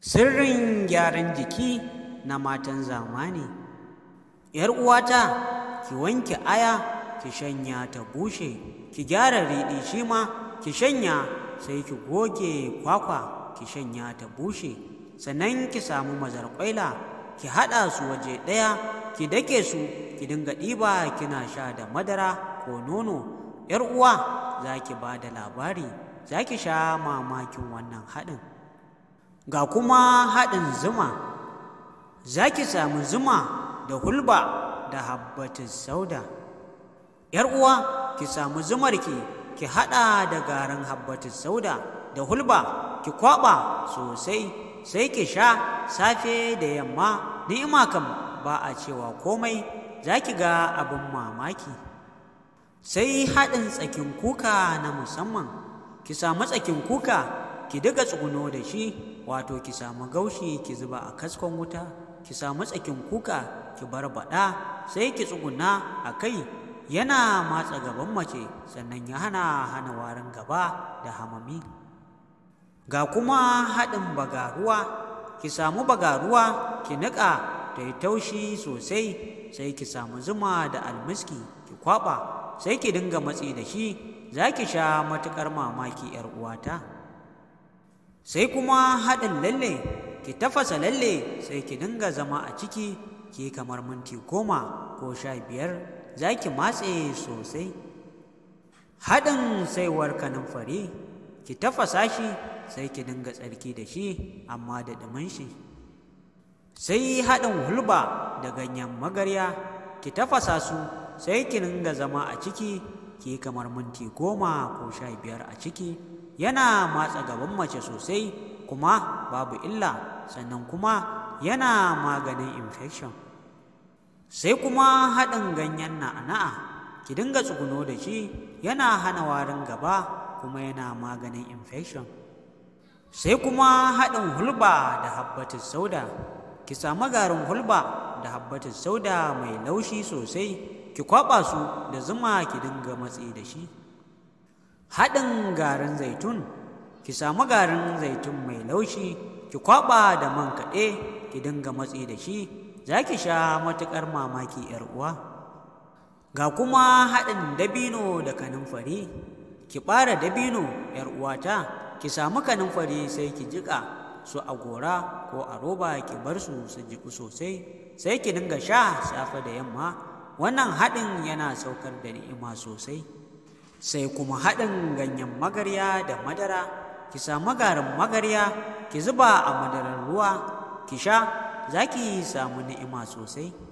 Sirrin gyaran jiki na matan zamani. ‘Yar uwata, ki wanke aya, ki shanya ta bushe, ki gyara riɗi shi ma, ki shanya sai ki goge kwakwa, ki shanya ta bushe, sannan ki samu ƙwaila ki haɗa su waje ɗaya, ki dake su, ki dinga ɗiba kina sha da madara ko nono. ‘Yar uwa, za ki ba da labari, za ki sha mamakin wannan haɗin. ga kuma haɗin zuma za ki samu zuma da hulba da habbatin sauda ‘yar uwa ki samu zumarki ki haɗa da garin habbatin sauda da hulba ki kwaɓa sosai sai ki sha safe da yamma ni'ima kam ba a cewa komai za ki ga abin mamaki sai haɗin tsakin kuka na musamman ki samu tsakin kuka ki diga tsuguno da shi wato ki samu gaushi ki zuba a kaskon wuta ki samu tsakin kuka ki bar baɗa, sai ki tsuguna a kai yana matsa gaban mace sannan ya hana hana warin gaba da hamami ga kuma haɗin bagaruwa ki samu bagaruwa ki niƙa ta yi taushi sosai sai ki samu zuma da almiski ki kwaɓa sai ki dinga matsi da shi za ki sha matuƙar mamaki 'yar uwata. sai kuma haɗin lalle ki tafasa lalle sai ki dinga zama a ciki ki kamar minti goma ko sha biyar za ki matse sosai haɗin saiwar fari ki tafasa shi sai ki dinga tsarki da shi amma da ɗumin shi sai haɗin hulba da ganyen magarya ki tafasa su sai ki dinga zama a ciki ki kamar minti goma ko sha biyar a ciki yana matsa gaban mace sosai kuma babu illa sannan kuma yana maganin infection sai kuma haɗin ganyen na'ana'a ki dinga tsuguno da shi yana hana warin gaba kuma yana maganin infection sai kuma haɗin hulba da habbatin sauda ki samu garin hulba da habbatin sauda mai laushi sosai ki kwaɓa su da zuma ki dinga matsi da shi haɗin garin zaitun ki samu garin zaitun mai laushi ki kwaɓa da man kaɗe ki dinga matsi da shi za ki sha matuƙar mamaki ‘yar uwa ga kuma haɗin dabino da fari ki ɓara dabino ‘yar uwata ki samu fari sai ki jiƙa su a gora ko a roba ki bar su su jiƙu sosai sai ki dinga sha safe da yamma wannan haɗin yana saukar da ni'ima sosai sai kuma haɗin ganyen magarya da madara ki samu magarin magarya ki zuba a madarar ruwa ki sha za ki samu ni'ima sosai